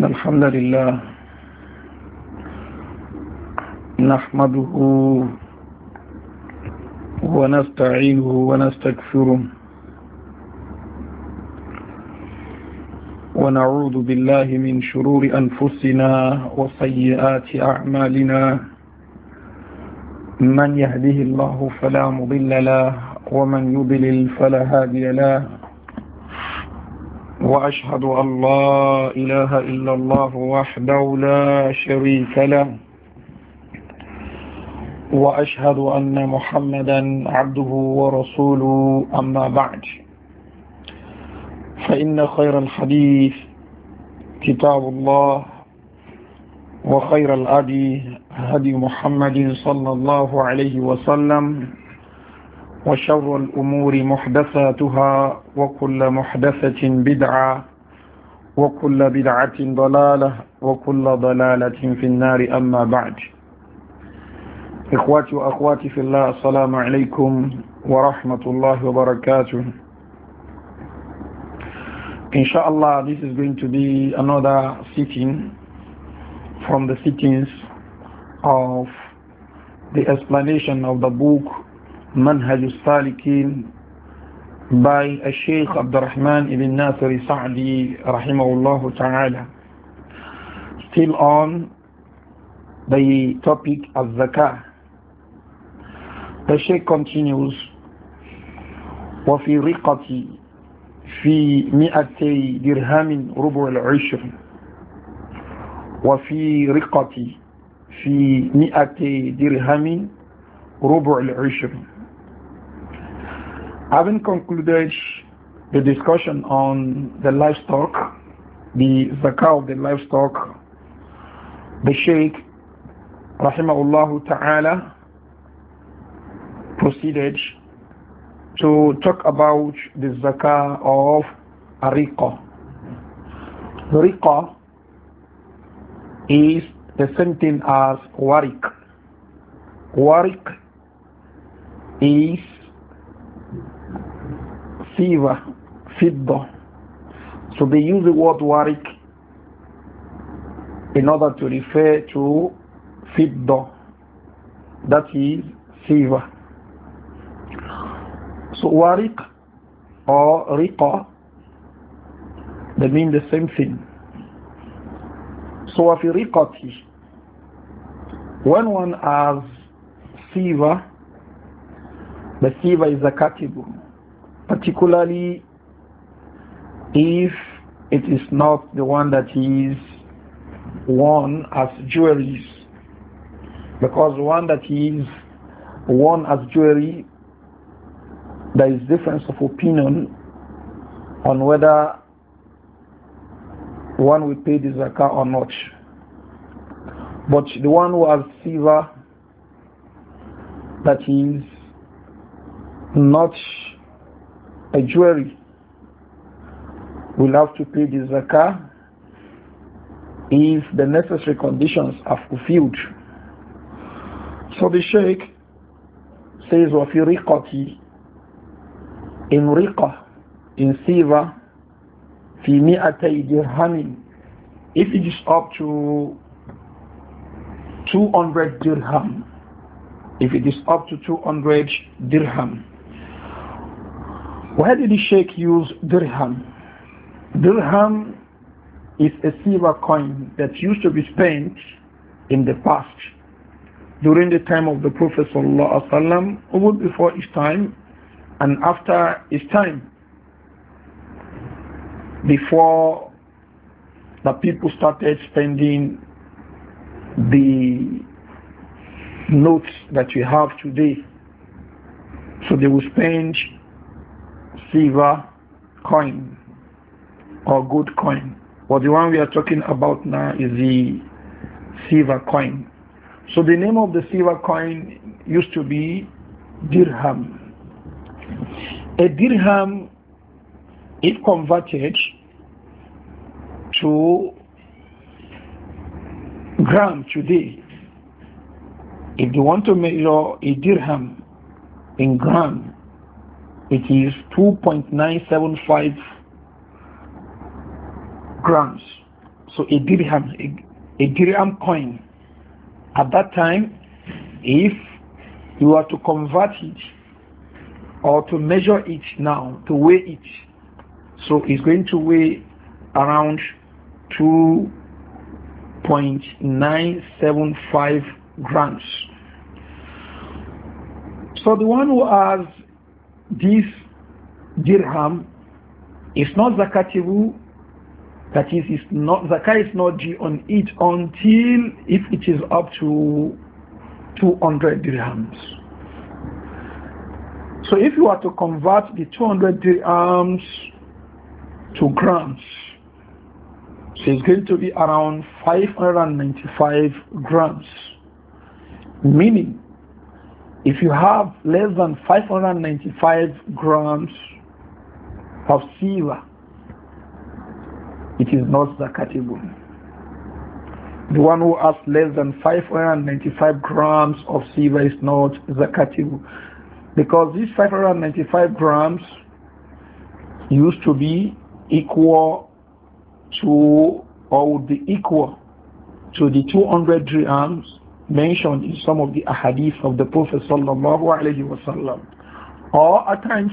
إن الحمد لله نحمده ونستعينه ونستكفره ونعوذ بالله من شرور أنفسنا وسيئات أعمالنا من يهده الله فلا مضل له ومن يضلل فلا هادي له وأشهد أن لا إله إلا الله وحده لا شريك له وأشهد أن محمدا عبده ورسوله أما بعد فإن خير الحديث كتاب الله وخير الأدي هدي محمد صلى الله عليه وسلم وشر الأمور محدثاتها وكل محدثة بدعة وكل بدعة ضلالة وكل ضلالة في النار أما بعد إخواتي وأخواتي في الله السلام عليكم ورحمة الله وبركاته Inshallah, this is going to be another sitting from the sittings of the explanation of the book منهج الصالكين باي الشيخ عبد الرحمن ناصر سعدي رحمه الله تعالى still on the topic of zakah the sheikh continues وفي رقتي في مئتي درهم ربع العشر وفي رقتي في مئتي درهم ربع العشر Having concluded the discussion on the livestock, the zakah of the livestock, the Sheikh, rahimahullah ta'ala, proceeded to talk about the zakah of ariqa. Riqa is the same thing as warik. Warik is silver, fidda. So they use the word warik in order to refer to fidda, that is silver. So warik or riqa, they mean the same thing. So وفي رقتي when one has fever, the fever is a katibu particularly if it is not the one that is worn as jewelry because one that is worn as jewelry there is difference of opinion on whether one will pay the zakah or not but the one who has silver that is not a jewelry will have to pay the zakah if the necessary conditions are fulfilled. So the Sheikh says, وَفِي رِقَةِ In riqah, in silver, fi مِئَتَيْ dirhamin. If it is up to 200 dirham, if it is up to 200 dirham, why did the Sheikh use dirham? Dirham is a silver coin that used to be spent in the past during the time of the Prophet ﷺ, before his time and after his time, before the people started spending the notes that we have today. So they will spend silver coin or gold coin. But the one we are talking about now is the silver coin. So the name of the silver coin used to be dirham. A dirham, if converted to gram today, if you want to measure a dirham in gram, it is 2.975 grams. So a dirham, a, a dirham coin. At that time, if you were to convert it or to measure it now, to weigh it, so it's going to weigh around 2.975 grams. So the one who has this dirham is not zakatable, that is, is not, zakat is not due on it until if it is up to 200 dirhams. So if you are to convert the 200 dirhams to grams, so it's going to be around 595 grams, meaning if you have less than 595 grams of silver, it is not zakatable. The one who has less than 595 grams of silver is not zakatable. Because these 595 grams used to be equal to, or would be equal to the 200 dirhams mentioned in some of the ahadith of the Prophet sallallahu Or at times,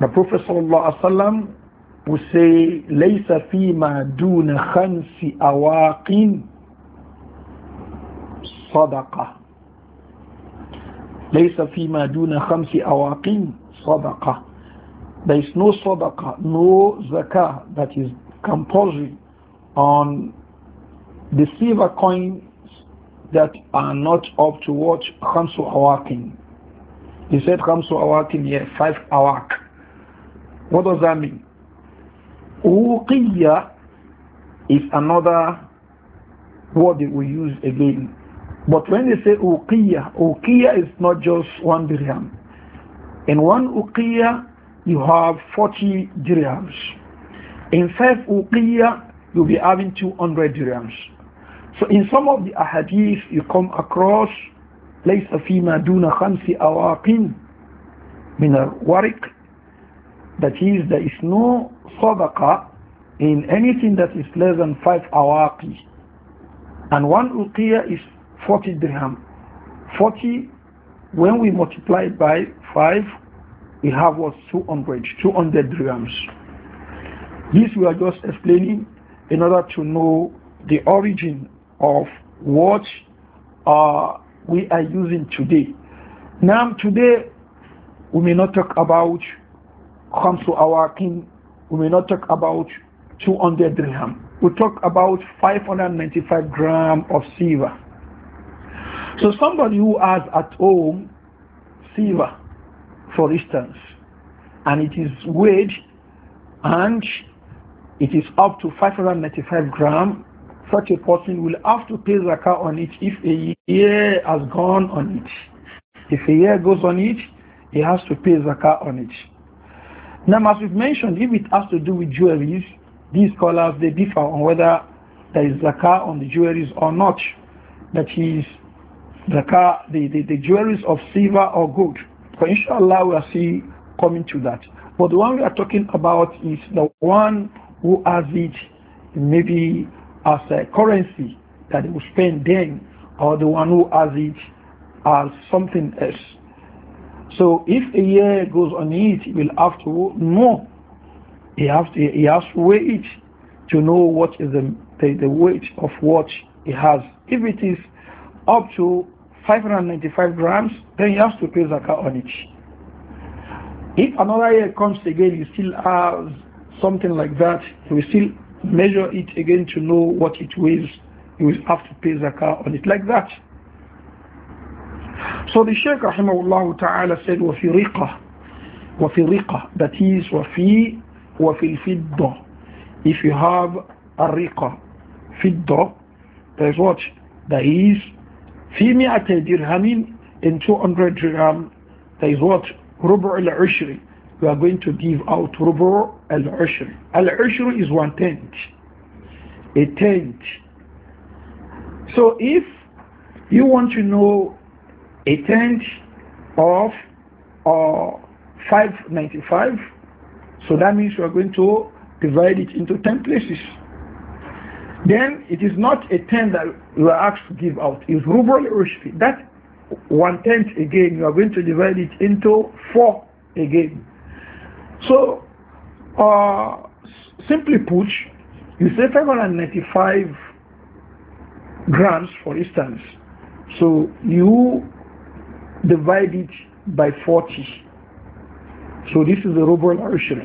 the Prophet sallallahu would say, لَيْسَ فِي مَا دُونَ خَمْسِ أَوَاقٍ صَدَقَةٍ لَيْسَ فِي مَا دُونَ خَمْسِ أَوَاقٍ صَدَقَةٍ There is no sadaqah, no zakah that is compulsory on the silver coin that are not up to what Khamsu Awakin. He said Khamsu Awakin, here five Awak. What does that mean? Uqiyya is another word that we use again. But when they say uqiyya, uqiyya is not just one dirham. In one uqiyya, you have 40 dirhams. In five uqiyya, you'll be having 200 dirhams. So in some of the ahadith you come across ليس ما دون خمس أواق من الورق that is there is no صدقة in anything that is less than five awaqi and one uqiyah is 40 dirham 40 when we multiply it by 5 we have what 200 200 dirhams this we are just explaining in order to know the origin of what uh, we are using today. Now, today, we may not talk about to our king. we may not talk about 200 dirham. We talk about 595 gram of silver. So somebody who has at home silver, for instance, and it is weighed and it is up to 595 gram such a person will have to pay zakah on it if a year has gone on it. If a year goes on it, he has to pay zakah on it. Now, as we've mentioned, if it has to do with jewelries, these scholars they differ on whether there is zakah on the jewelries or not. That is zakah, the, the, the jewelries of silver or gold. But inshallah we'll see coming to that. But the one we are talking about is the one who has it maybe as a currency that they will spend then, or the one who has it as something else. So if a year goes on it, he will have to know. He has to, he has to weigh it to know what is the, the, the weight of what he has. If it is up to 595 grams, then he has to pay zakah on it. If another year comes again, he still has something like that, he will still measure it again to know what it weighs. You will have to pay zakah on it like that. So the Shaykh rahimahullah ta'ala said, "Wafirika, wafirika. That wafi, وَفِي وَفِي الْفِدَّةِ If you have a riqah, fiddah, there is what? There is في مئة dirhamin in 200 dirham, there is what? al العشر. We are going to give out rubu." al-ushr. Al-ushr is one tenth, a tenth. So if you want to know a tenth of or uh, 595, so that means you are going to divide it into 10 places. Then it is not a tenth that you are asked to give out. It's rubal ushri. That one tenth again, you are going to divide it into four again. So or uh, simply put, you say 595 grams, for instance. So you divide it by 40. So this is the ruble ratio.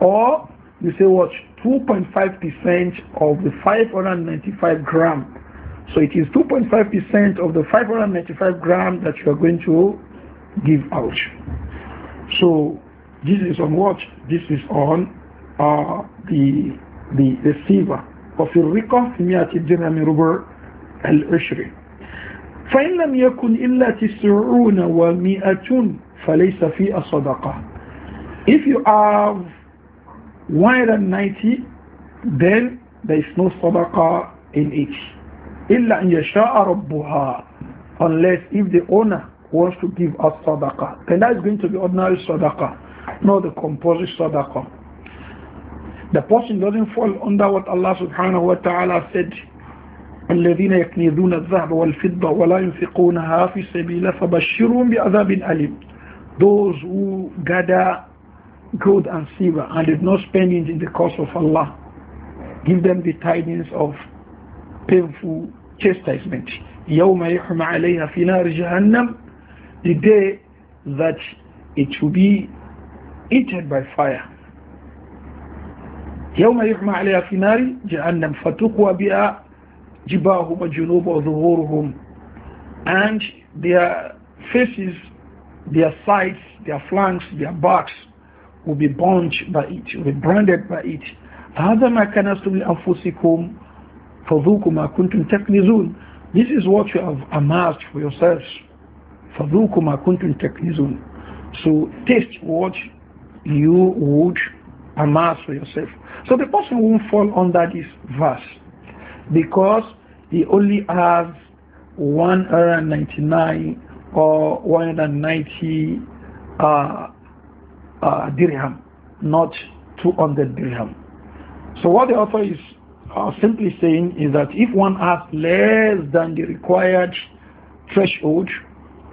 Or you say what? 2.5% of the 595 gram. So it is 2.5% of the 595 gram that you are going to give out. So this is on watch, This is on uh, the, the, the وفي في درهم ربع فإن لم يكن إلا تسعون فليس في If you have 190 then there is no صدقة in it إلا أن يشاء ربها unless if the owner wants to give us صدقة then that is going to be ordinary صدقة no, the composite sadaqah. The person doesn't fall under what Allah subhanahu wa ta'ala said. الذين يكنزون الذهب والفضة ولا ينفقونها في سبيل فبشرهم بأذاب أليم Those who gather gold and silver and did not spend it in the cause of Allah, give them the tidings of painful chastisement. يوم يحمى عليها في نار جهنم The day that it will be eaten by fire. يوم يحمى عليها في نار جهنم فتقوى بها جباههم وجنوب وظهورهم and their faces, their sides, their flanks, their backs will be burnt by it, will be branded by it. هذا ما كنستم لأنفسكم فذوقوا ما كنتم تكنزون This is what you have amassed for yourselves. فذوقوا ما كنتم تكنزون So taste what you would amass for yourself. So the person won't fall under this verse because he only has 199 or 190 uh, uh, dirham, not 200 dirham. So what the author is uh, simply saying is that if one has less than the required threshold,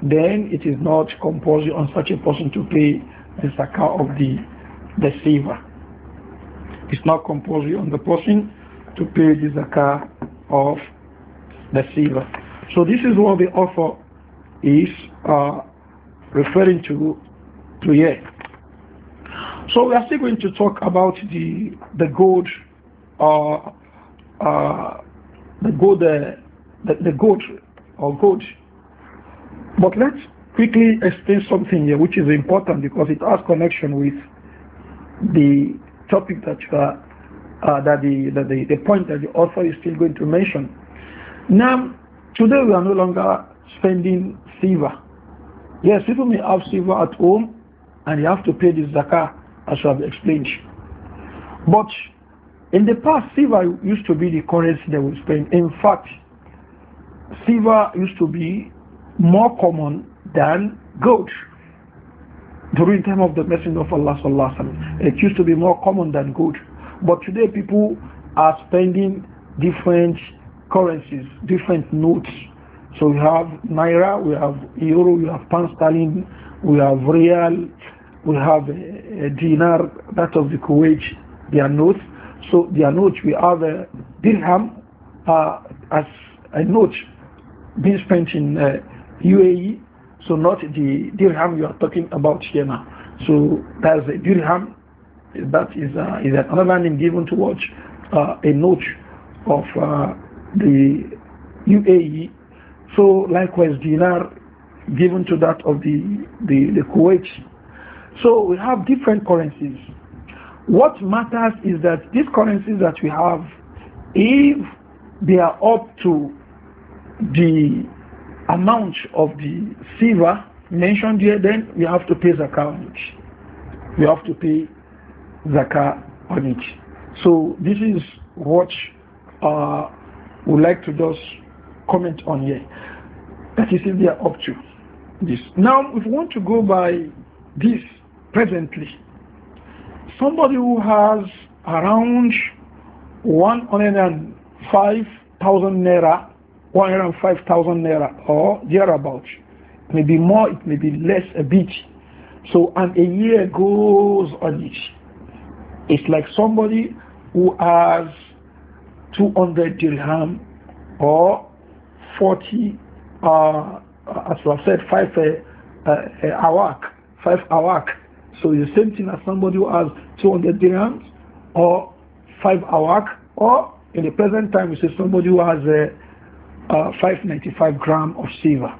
then it is not compulsory on such a person to pay the zakah of the deceiver. It's not compulsory on the person to pay the zakah of the deceiver. So this is what the author is uh, referring to, to here. So we are still going to talk about the the gold, uh, uh, the gold, uh, the, the gold or gold. But let's quickly explain something here which is important because it has connection with the topic that uh, that the, that the the point that the author is still going to mention. Now, today we are no longer spending silver. Yes, people may have silver at home and they have to pay this zakah as I have explained. But in the past, silver used to be the currency that we spend. In fact, silver used to be more common than gold during time of the Messenger of Allah sallallahu alaihi wasallam. It used to be more common than gold, but today people are spending different currencies, different notes. So we have naira, we have euro, we have pound sterling, we have real, we have a, eh, a eh, dinar, that of the Kuwait, their notes. So their notes, we have a eh, dirham uh, as a note being spent in uh, UAE so not the dirham you are talking about here now. So that's a dirham. That is, uh, is another name given to watch uh, a note of uh, the UAE. So likewise dinar given to that of the, the, the Kuwait. So we have different currencies. What matters is that these currencies that we have, if they are up to the amount of the silver mentioned here, then we have to pay zakah on it. We have to pay zakah on it. So this is what uh, we like to just comment on here. That is if they are up to this. Now, if we want to go by this presently, somebody who has around 105,000 naira 105,000 naira or thereabout. Maybe more, it may be less a bit. So, and a year goes on it. It's like somebody who has 200 dirham or 40, uh, as I said, 5 uh, work, uh, awak, 5 awak. So the same thing as somebody who has 200 dirhams or 5 awak, or in the present time, we say somebody who has uh, uh, 595 gram of silver.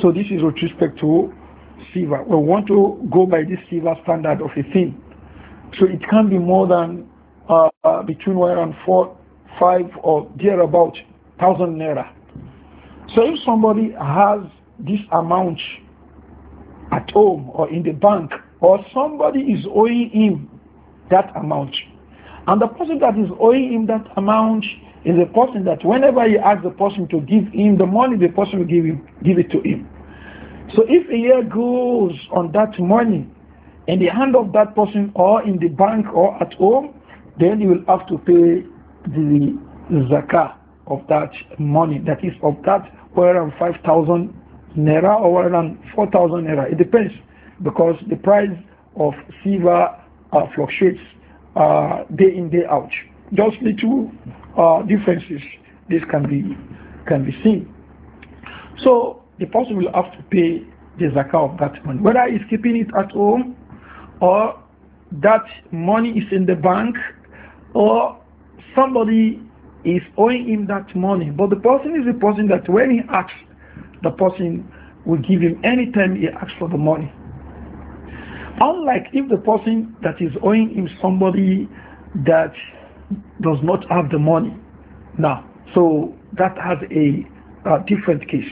So this is with respect to silver. We want to go by this silver standard of a thing. So it can be more than uh, uh, between one and four, five or there about thousand naira. So if somebody has this amount at home or in the bank, or somebody is owing him that amount, and the person that is owing him that amount is a person that whenever he asks the person to give him the money, the person will give, him, give it to him. So if a year goes on that money in the hand of that person or in the bank or at home, then you will have to pay the zakah of that money, that is of that 105,000 naira or 104,000 naira. It depends because the price of silver uh, fluctuates uh, day in, day out just little uh, differences this can be can be seen so the person will have to pay the zakah of that money whether he's keeping it at home or that money is in the bank or somebody is owing him that money but the person is the person that when he asks the person will give him anytime he asks for the money unlike if the person that is owing him somebody that does not have the money now. So that has a, a different case.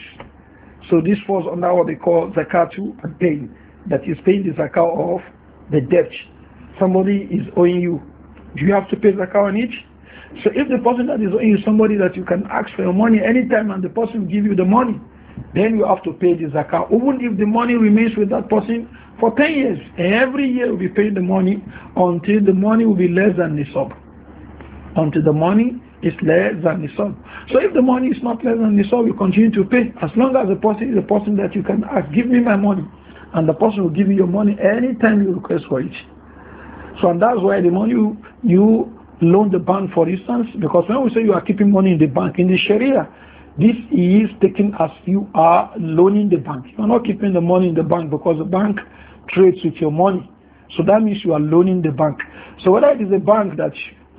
So this falls under what they call zakatu and paying. That is paying the zakat of the debt. Somebody is owing you. Do you have to pay zakat on each? So if the person that is owing you somebody that you can ask for your money anytime and the person give you the money, then you have to pay the zakat. Even if the money remains with that person for 10 years, every year you'll be paying the money until the money will be less than the sub until the money is less than the sum. So if the money is not less than the sum, you continue to pay as long as the person is a person that you can ask, give me my money. And the person will give you your money anytime you request for it. So and that's why the money you, you loan the bank, for instance, because when we say you are keeping money in the bank, in the Sharia, this is taken as you are loaning the bank. You are not keeping the money in the bank because the bank trades with your money. So that means you are loaning the bank. So whether it is a bank that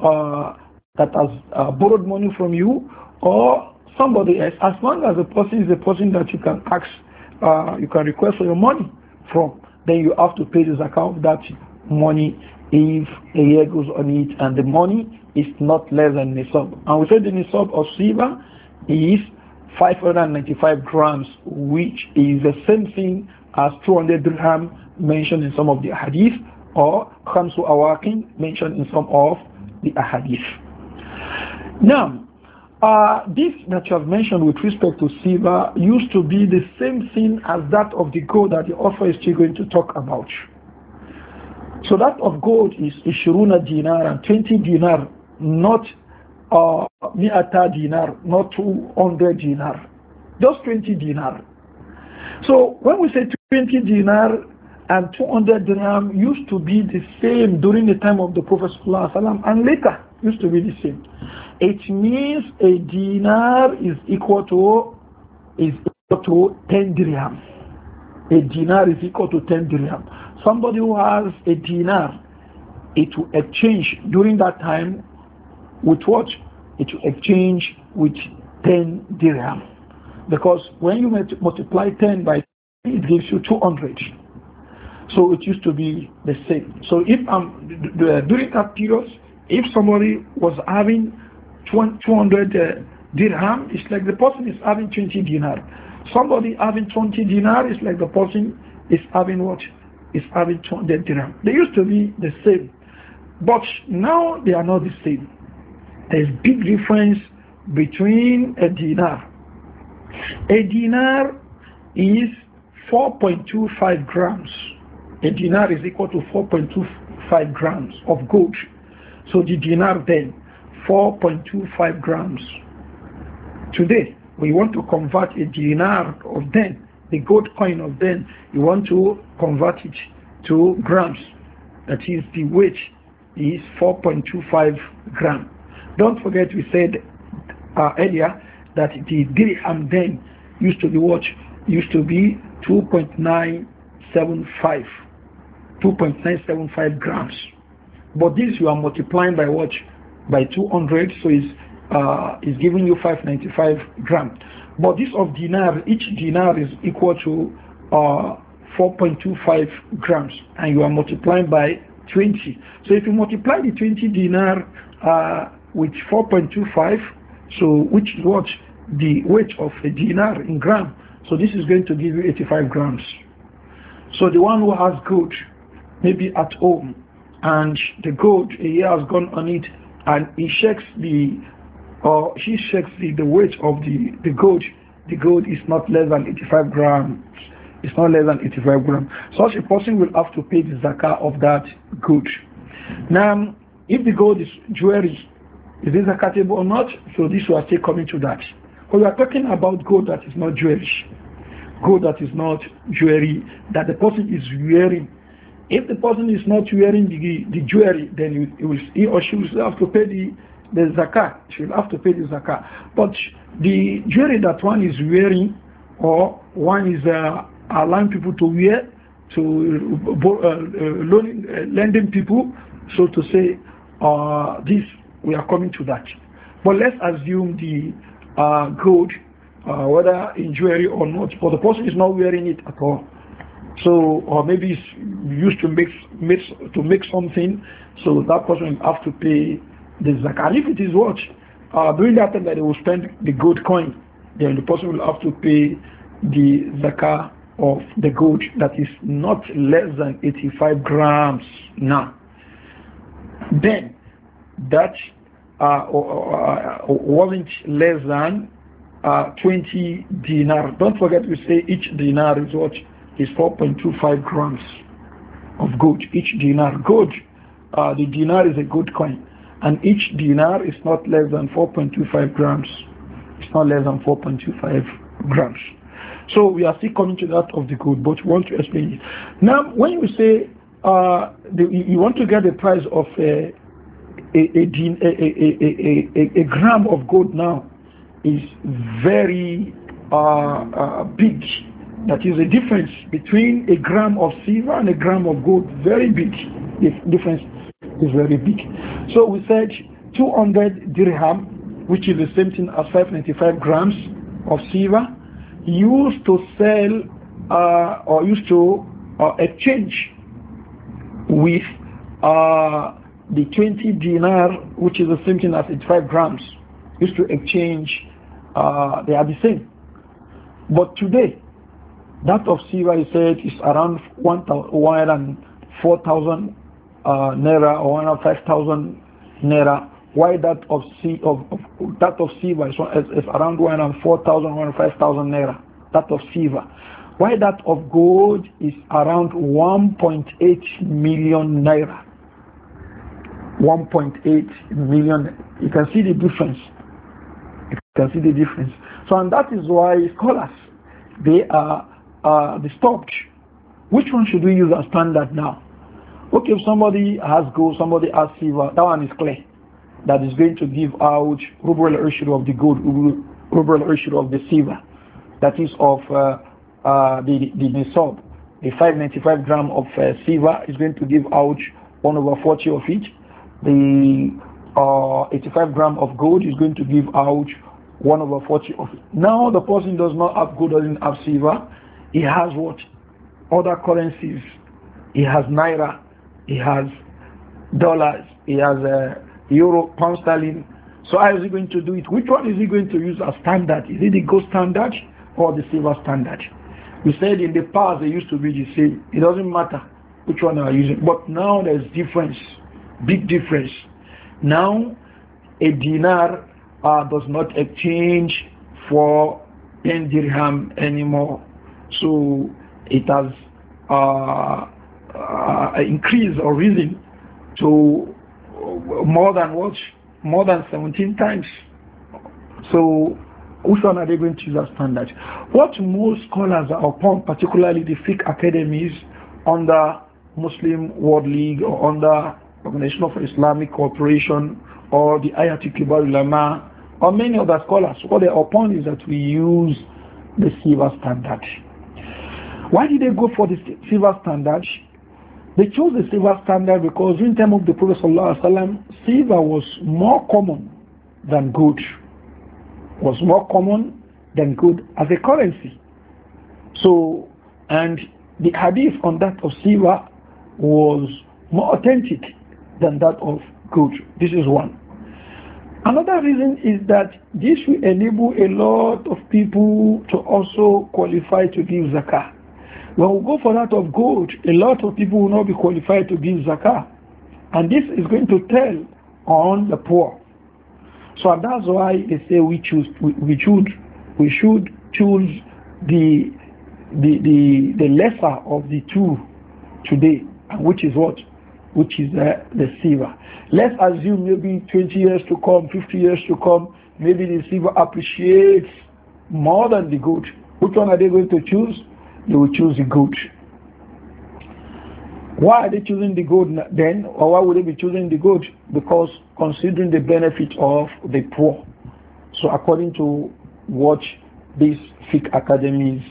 uh, that has uh, borrowed money from you or somebody else, as long as the person is a person that you can ask, uh, you can request for your money from, then you have to pay the account that money if a year goes on it and the money is not less than sub. And we said the nisab of silver is 595 grams, which is the same thing as 200 dirham mentioned in some of the hadith or khamsu awakin mentioned in some of the ahadith. Now, uh, this that you have mentioned with respect to silver used to be the same thing as that of the gold that the author is still going to talk about. So that of gold is Ishuruna dinar and 20 dinar, not uh, mi'ata dinar, not 200 dinar, just 20 dinar. So when we say 20 dinar, and 200 dirham used to be the same during the time of the Prophet and later used to be the same. It means a dinar is equal to is equal to 10 dirham. A dinar is equal to 10 dirham. Somebody who has a dinar, it will exchange during that time with what? It will exchange with 10 dirham. Because when you multiply 10 by 10, it gives you 200. So it used to be the same. So if I'm um, during that period, if somebody was having 200 uh, dirham, it's like the person is having 20 dinar. Somebody having 20 dinar is like the person is having what? Is having 200 dirham. They used to be the same. But now they are not the same. There's big difference between a dinar. A dinar is 4.25 grams a dinar is equal to 4.25 grams of gold. So the dinar then, 4.25 grams. Today, we want to convert a dinar of then, the gold coin of then, you want to convert it to grams. That is, the weight is 4.25 gram. Don't forget we said uh, earlier that the dirham then used to be what? Used to be 2.975 2.975 grams. But this you are multiplying by what? By 200, so it's, uh, it's giving you 595 grams. But this of dinar, each dinar is equal to uh, 4.25 grams, and you are multiplying by 20. So if you multiply the 20 dinar uh, with 4.25, so which is what? The weight of a dinar in gram. So this is going to give you 85 grams. So the one who has good maybe at home, and the gold a year has gone on it, and he checks the or she shakes the, the weight of the, the gold, the gold is not less than 85 grams. It's not less than 85 grams. Such a person will have to pay the zakah of that gold. Now, if the gold is jewelry, is it zakatable or not? So this will still coming to that. But we are talking about gold that is not jewelry. Gold that is not jewelry, that the person is wearing if the person is not wearing the, the jewelry, then he, will, he or she will have to pay the, the zakat. She will have to pay the zakat. But the jewelry that one is wearing or one is uh, allowing people to wear, to uh, uh, loaning, uh, lending people, so to say, uh, this, we are coming to that. But let's assume the uh, gold, whether in jewelry or not, but the person is not wearing it at all. So, or maybe used to mix, mix, to make something, so that person will have to pay the zakat. If it is watch, Uh, during that time that they will spend the gold coin, then the person will have to pay the zakat of the gold that is not less than 85 grams now. Then that uh, wasn't less than uh, 20 dinar. Don't forget we say each dinar is what is 4.25 grams of gold each dinar. Gold, uh, the dinar is a good coin, and each dinar is not less than 4.25 grams. It's not less than 4.25 grams. So we are still coming to that of the gold, but we want to explain it. Now, when you say uh, the, you want to get the price of uh, a a, a, a, a, gram of gold now is very uh, uh big that is the difference between a gram of silver and a gram of gold. Very big. The difference is very big. So we said 200 dirham, which is the same thing as 595 grams of silver, used to sell uh, or used to uh, exchange with uh, the 20 dinar, which is the same thing as 85 grams, used to exchange, uh, they are the same. But today, that of silver, he said, is around 104,000 uh, naira or 105,000 naira. Why that of, C, of, of that of silver is, is around 104,000, 105,000 naira. That of silver. Why that of gold is around 1.8 million naira. 1.8 million. You can see the difference. You can see the difference. So, and that is why scholars, they are uh, disturbed. Which one should we use as standard now? Okay, if somebody has gold, somebody has silver, that one is clear. That is going to give out rubel ratio of the gold, rubel ratio of the silver. That is of uh, uh, the, the, the The 595 gram of uh, silver is going to give out 1 over 40 of it. The uh, 85 gram of gold is going to give out 1 over 40 of it. Now the person does not have gold, doesn't have silver. He has what? Other currencies. He has naira. He has dollars. He has a uh, euro, pound sterling. So how is he going to do it? Which one is he going to use as standard? Is it the gold standard or the silver standard? We said in the past they used to be the same. It doesn't matter which one are using. But now there's difference, big difference. Now a dinar uh, does not exchange for 10 dirham anymore. So it has uh, uh, increased or risen to more than what? More than 17 times. So which one are they going to use as standard? What most scholars are upon, particularly the fiqh academies under Muslim World League or under Organization of Islamic Cooperation or the Ayatollah Kibar Ulama or many other scholars, what they are upon is that we use the silver standard. Why did they go for the silver standard? They chose the silver standard because in time of the Prophet ﷺ, silver was more common than gold. Was more common than gold as a currency. So, and the hadith on that of silver was more authentic than that of gold. This is one. Another reason is that this will enable a lot of people to also qualify to give zakah. When we go for that of gold, a lot of people will not be qualified to give zakah. And this is going to tell on the poor. So that's why they say we choose we, should we should choose the the the, the lesser of the two today, and which is what? Which is the, the silver. Let's assume maybe 20 years to come, 50 years to come, maybe the silver appreciates more than the gold. Which one are they going to choose? they will choose the good. Why are they choosing the good then? Or why would they be choosing the good? Because considering the benefit of the poor. So according to what these fiqh academies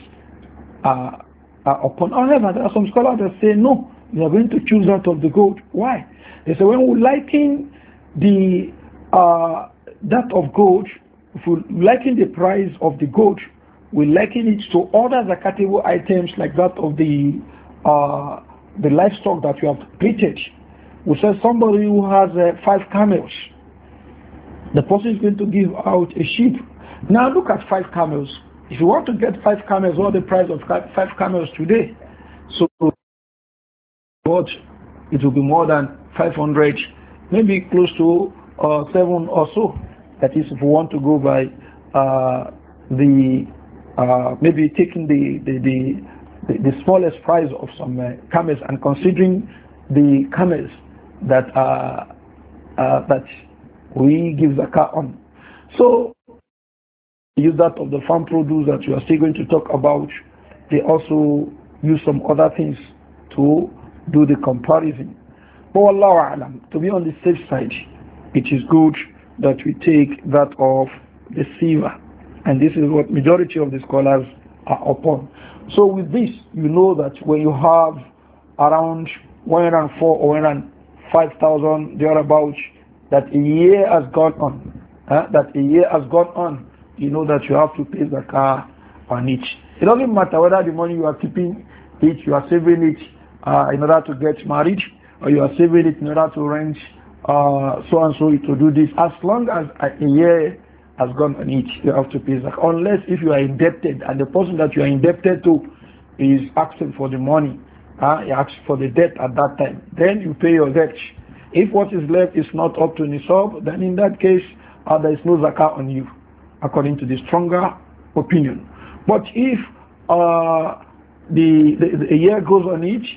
are, are upon. However, there are some scholars that say no, they are going to choose out of the gold. Why? They say when we liken the uh, that of gold, if we liken the price of the gold we liken it to other zakatable items like that of the uh, the livestock that you have treated. We say somebody who has uh, five camels, the person is going to give out a sheep. Now look at five camels. If you want to get five camels, what the price of five camels today? So what? It will be more than 500, maybe close to uh, seven or so. That is, if we want to go by uh, the uh, maybe taking the, the, the, the, smallest price of some uh, camels and considering the camels that, uh, uh, that we give zakat on. So use that of the farm produce that we are still going to talk about. They also use some other things to do the comparison. But Allah alam, to be on the safe side, it is good that we take that of the silver and this is what majority of the scholars are upon. So with this, you know that when you have around 104 or 105,000 thereabouts, that a year has gone on, uh, that a year has gone on, you know that you have to pay the car on it. It doesn't matter whether the money you are keeping it, you are saving it uh, in order to get married, or you are saving it in order to rent uh, so and so to do this. As long as a year has gone on it, you have to pay Unless if you are indebted and the person that you are indebted to is asking for the money, uh, he asks for the debt at that time, then you pay your debt. If what is left is not up to nisab, then in that case, uh, there is no zakat on you, according to the stronger opinion. But if uh, the, the, the year goes on each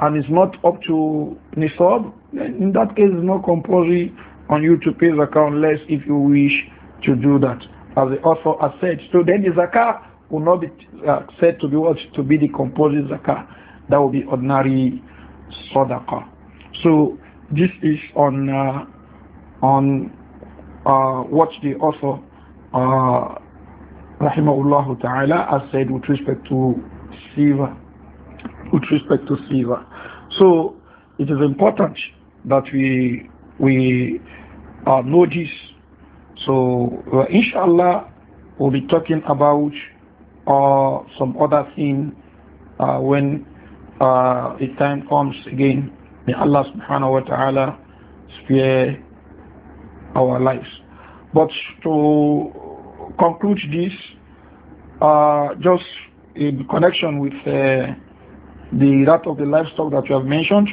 and it's not up to nisab, then in that case, it's not compulsory on you to pay the account. unless if you wish to do that, as the author has said. So then the zakah will not be uh, said to be what to be the composite zakah. That will be ordinary sadaqah. So this is on uh, on uh, what the author, uh, rahimahullah taala, has said with respect to siva, With respect to siva. so it is important that we we uh, know this so, uh, inshallah, we'll be talking about uh, some other thing uh, when uh, the time comes again. May Allah subhanahu wa ta'ala spare our lives. But to conclude this, uh, just in connection with uh, the that of the livestock that you have mentioned,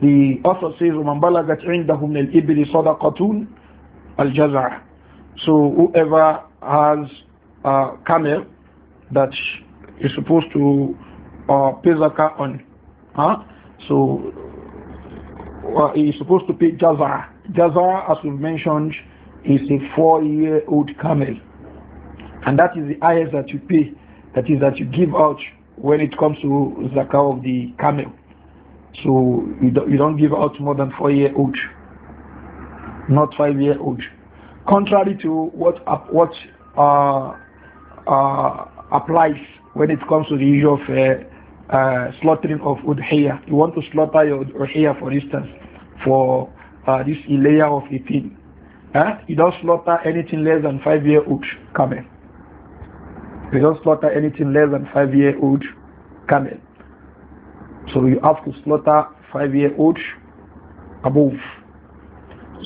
the author says, وَمَنْ بَلَغَتْ عِنْدَهُ ibri الْإِبِلِ al الْجَزَعَ so whoever has a camel that is supposed to uh, pay zakah on, huh? so uh, he is supposed to pay jaza. Jaza, as we mentioned, is a four-year-old camel, and that is the highest that you pay. That is that you give out when it comes to zakah of the camel. So you don't, you don't give out more than four-year-old, not five-year-old contrary to what what uh, uh, applies when it comes to the issue of uh, uh, slaughtering of udhiyah. You want to slaughter your udhiyah, for instance, for uh, this layer of a Huh? You don't slaughter anything less than five-year-old camel. You don't slaughter anything less than five-year-old camel. So you have to slaughter five-year-old above.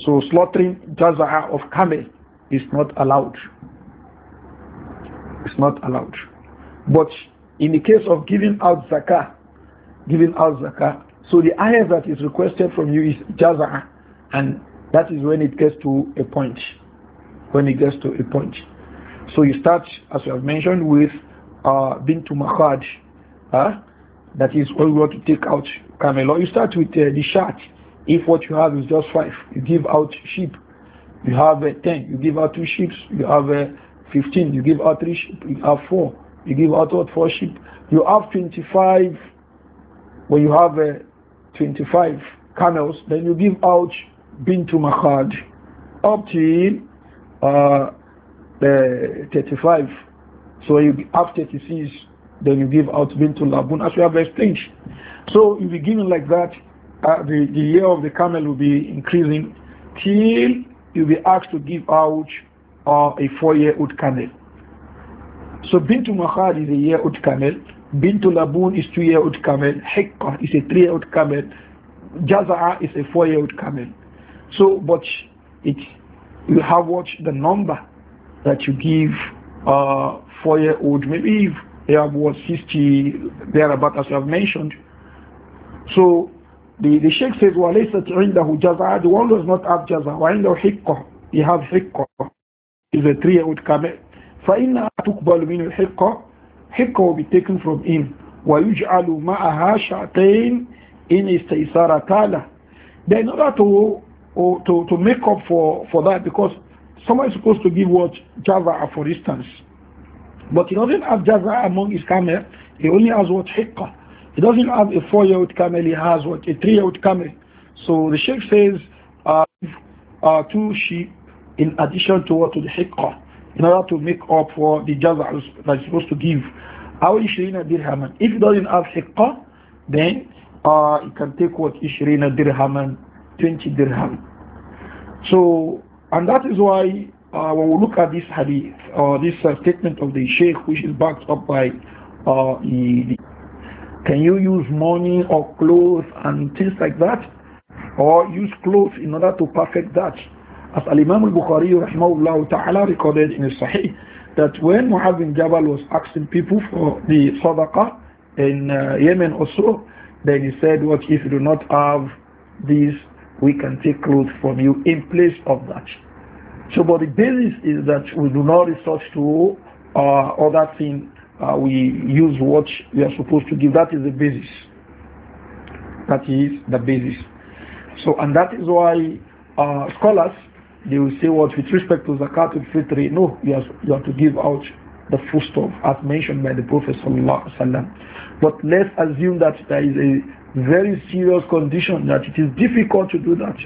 So slaughtering jaza'ah of camel is not allowed. It's not allowed. But in the case of giving out zakah, giving out zakah, so the ayah that is requested from you is jaza'ah and that is when it gets to a point. When it gets to a point. So you start, as we have mentioned, with uh, bintu makhaj, huh? that is when we want to take out camel. Or you start with uh, the shat, if what you have is just five, you give out sheep. You have uh, ten, you give out two sheep. You have uh, fifteen, you give out three sheep. You have four, you give out what four sheep. You have twenty-five. When you have uh, twenty-five camels, then you give out bintu makhad up till uh, uh, thirty-five. So you have thirty-six, then you give out bintu labun, as we have explained. So you give given like that, uh, the, the year of the camel will be increasing till you'll be asked to give out uh, a four-year-old camel. So Bintu Makhad is a year-old camel. Bintu Laboon is two-year-old camel. Hikka is a three-year-old camel. Jaza'a is a four-year-old camel. So, but it you have watched the number that you give uh, four-year-old. Maybe if they have what 60 about as you have mentioned. So the, the Sheikh says, وَلَيْسَتْ عِنْدَهُ جَزَعَ The one does not have jaza. وَعِنْدَهُ حِقَّةٌ He has حِقَّة. He's a 3 year camel. So فَإِنَّا تُقْبَلُ مِنْهُ الْحِقَّة Hikka will be taken from him. وَيُجْعَلُ مَعَهَا شَعْتَيْنِ إِنْ إِسْتَيْسَارَ تَعْلَى Then in order to, to, to make up for, for that, because someone is supposed to give what? Jaza, for instance. But he doesn't have jaza among his camel. He only has what? Hikka. He doesn't have a four-year-old camel, he has what? A three-year-old camel. So the sheikh says uh, uh, two sheep in addition to what? To the hiqqah, in order to make up for the jaza that he's supposed to give. Our Ishrina dirhaman. If he doesn't have hiqqah, then uh, he can take what? Ishrina dirhaman, 20 dirham. So, and that is why uh, when we look at this hadith, uh, this uh, statement of the Sheikh, which is backed up by uh, the, the can you use money or clothes and things like that? Or use clothes in order to perfect that? As Al-Imam al-Bukhari ta'ala recorded in his Sahih that when Mu'adh bin Jabal was asking people for the sadaqah in uh, Yemen also, then he said, what if you do not have these, we can take clothes from you in place of that. So but the basis is that we do not resort to uh, other things uh, we use what we are supposed to give. That is the basis. That is the basis. So, and that is why uh, scholars, they will say what with respect to zakat al fitri, no, you have, you have to give out the stuff as mentioned by the Prophet But let's assume that there is a very serious condition that it is difficult to do that.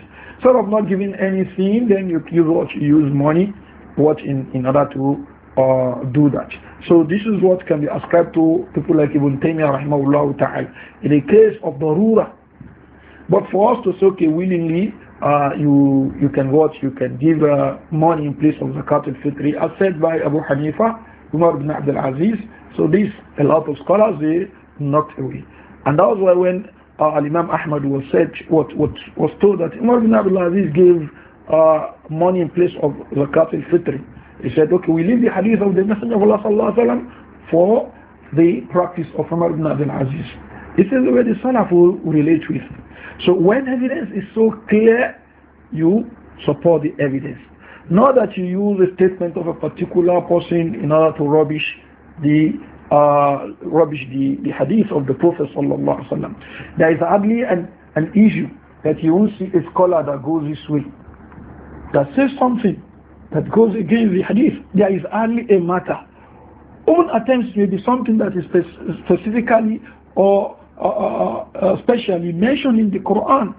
Sort of not giving anything, then you, you, you use money what in, in order to uh, do that. So this is what can be ascribed to people like Ibn Taymiyyah rahimahullah, ta'ala in the case of darura. But for us to say, okay, willingly, uh, you you can watch, you can give uh, money in place of zakat al-fitri, as said by Abu Hanifa, Umar ibn Abdul Aziz. So this a lot of scholars they knocked away, and that was why when uh, Imam Ahmad was said what what was told that Umar ibn Abdul Aziz gave uh, money in place of zakat al-fitri. He said, okay, we leave the hadith of the Messenger of Allah for the practice of Umar ibn Abdul Aziz. This is the way the Salaf will relate with. So when evidence is so clear, you support the evidence. Not that you use a statement of a particular person in order to rubbish the uh, rubbish the, the hadith of the Prophet There is hardly an, an issue that you will see a scholar that goes this way, that says something that goes against the hadith. There is hardly a matter. Even attempts may be something that is specifically or uh, mentioned in the Quran.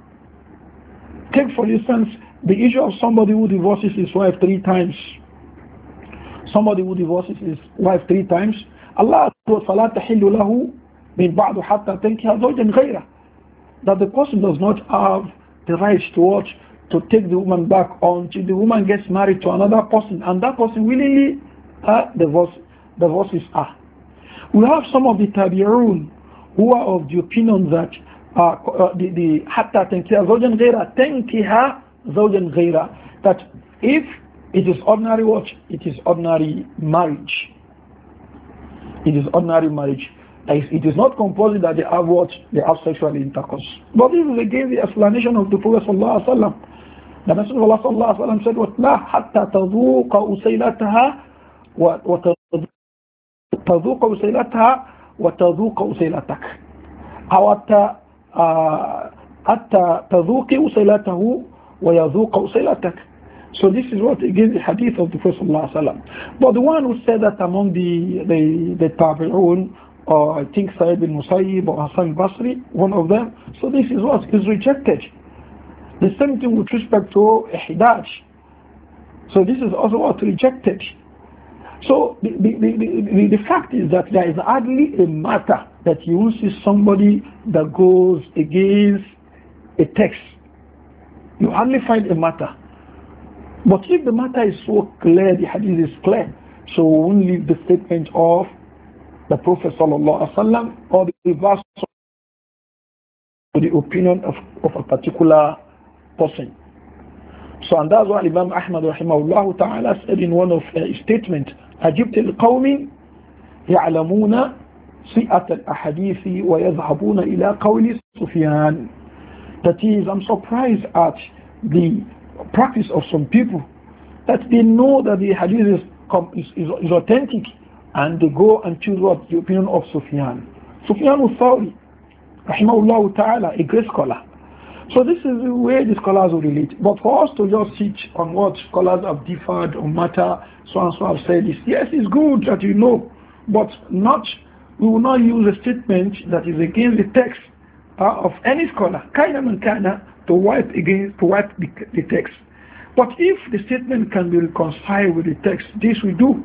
Take for instance the issue of somebody who divorces his wife three times. Somebody who divorces his wife three times. Allah says, فَلَا تَحِلُّ لَهُ مِنْ بَعْدُ حَتَّى تَنْكِهَ زَوْجًا That the person does not have the right to watch to take the woman back until the woman gets married to another person and that person willingly uh, divorce, divorces her. We have some of the tabi'un who are of the opinion that uh, uh, the, the hatta zawjan ghayra that if it is ordinary what? It is ordinary marriage. It is ordinary marriage. It is not composed that they have what? They have sexual intercourse. But this is again the explanation of the Prophet Sallallahu Alaihi Wasallam. لما يسأل الله صلى الله عليه وسلم شجوة لا حتى تذوق أسيلتها وتذوق أسيلتها وتذوق أسيلتك أو حتى تذوق أسيلته ويذوق أسيلتك So this is what again the hadith of the Prophet وسلم But the one who said that among the the, the Tabi'un, or I think Sayyid bin Musayyib or Hassan Basri, one of them, so this is what is rejected. The same thing with respect to Ihdaj. So this is also what rejected. So the, the, the, the, fact is that there is hardly a matter that you will see somebody that goes against a text. You hardly find a matter. But if the matter is so clear, the hadith is clear, so we will leave the statement of the Prophet ﷺ or the verse or the opinion of, of a particular person. So and that's why Imam Ahmad rahimahullah ta'ala said in one of his uh, statements, أجبت القوم يعلمون سئة الأحاديث ويذهبون إلى قول سفيان. That is, I'm surprised at the practice of some people that they know that the hadith is, is, is, is authentic and they go and choose what the opinion of Sufyan. Sufyan al-Thawri, rahimahullah ta'ala, a great scholar. So this is where the scholars will relate. But for us to just sit on what scholars have differed on matter, so and so have said this, yes, it's good that you know, but not, we will not use a statement that is against the text uh, of any scholar, kind and kana, to wipe against, to wipe the, the text. But if the statement can be reconciled with the text, this we do.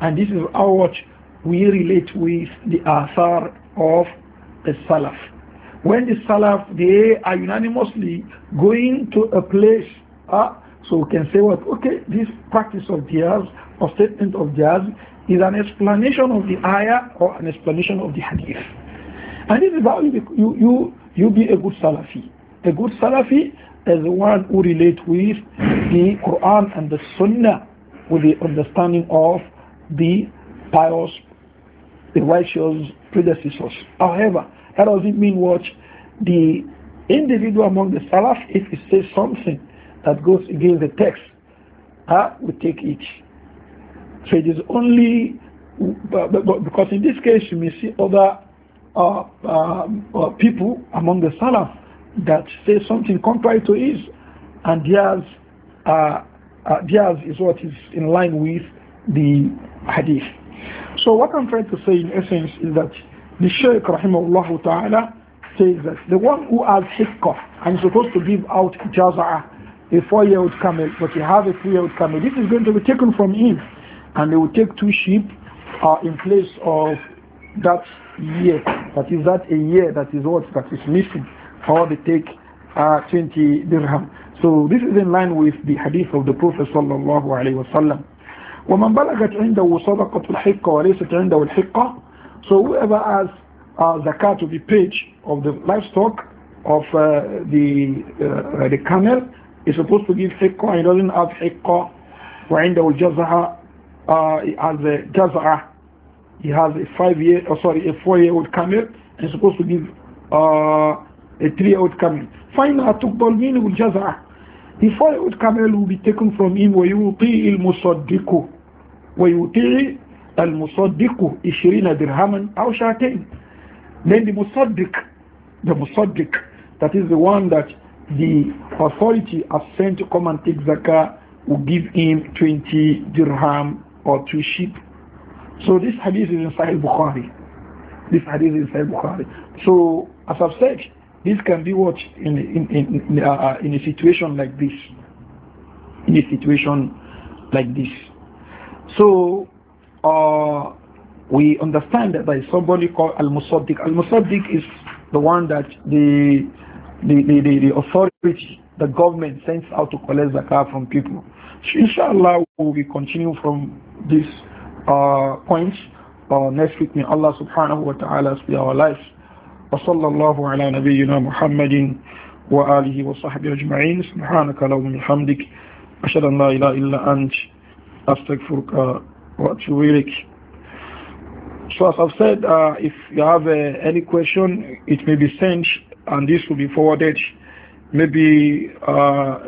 And this is how much we relate with the author of the Salaf when the Salaf, they are unanimously going to a place, uh, so we can say what, okay, this practice of theirs or statement of theirs is an explanation of the ayah or an explanation of the hadith. And this is how you, you, you, you be a good Salafi. A good Salafi is the one who relates with the Quran and the Sunnah with the understanding of the pious, the righteous predecessors. However, that doesn't mean what the individual among the Salaf, if he says something that goes against the text, uh, we take it. So it is only because in this case you may see other uh, um, uh, people among the Salaf that say something contrary to his, and theirs, uh, uh, theirs is what is in line with the hadith. So what I'm trying to say in essence is that the Shaykh Rahimahullah Ta'ala says that the one who has hikah and is supposed to give out jaza'ah, a four-year-old camel, but he has a three-year-old camel, this is going to be taken from him. And they will take two sheep uh, in place of that year. That is that a year that is what that is missing. Or they take uh, 20 dirham. So this is in line with the hadith of the Prophet sallallahu alayhi wa ومن بلغت عنده صدقة الحقة وليست عنده الحقة so whoever has uh, zakat to be paid of the livestock of uh, the uh, the camel is supposed to give hiqqah. He doesn't have hiqqah. وعنده the uh, he has a jaza'ah. He has a five-year, oh, sorry, a four-year-old camel. And he's supposed to give uh, a three-year-old camel. فإنها تقبل منه الجزعة. The four-year-old camel will be taken from him you you المصدق ويوطيء المصدق إشرين درهما أو شاتين then the musaddiq the musaddiq that is the one that the authority has sent to come and take zakah will give him 20 dirham or two sheep so this hadith is in Sahih Bukhari this hadith is in Sahih Bukhari so as I've said this can be watched in, in, in, in, uh, in a situation like this in a situation like this so or uh, we understand that by somebody called Al-Musaddiq. Al-Musaddiq is the one that the, the, the, the, the authority, the government sends out to collect zakah from people. So inshallah, we will continue from this uh, point uh, next week. May Allah subhanahu wa ta'ala spare our lives. وصلى الله على نبينا محمد وآله وصحبه أجمعين Subhanaka اللهم Hamdik. أشهد أن لا إله إلا أنت أستغفرك what will So as I've said, uh, if you have uh, any question, it may be sent and this will be forwarded maybe uh,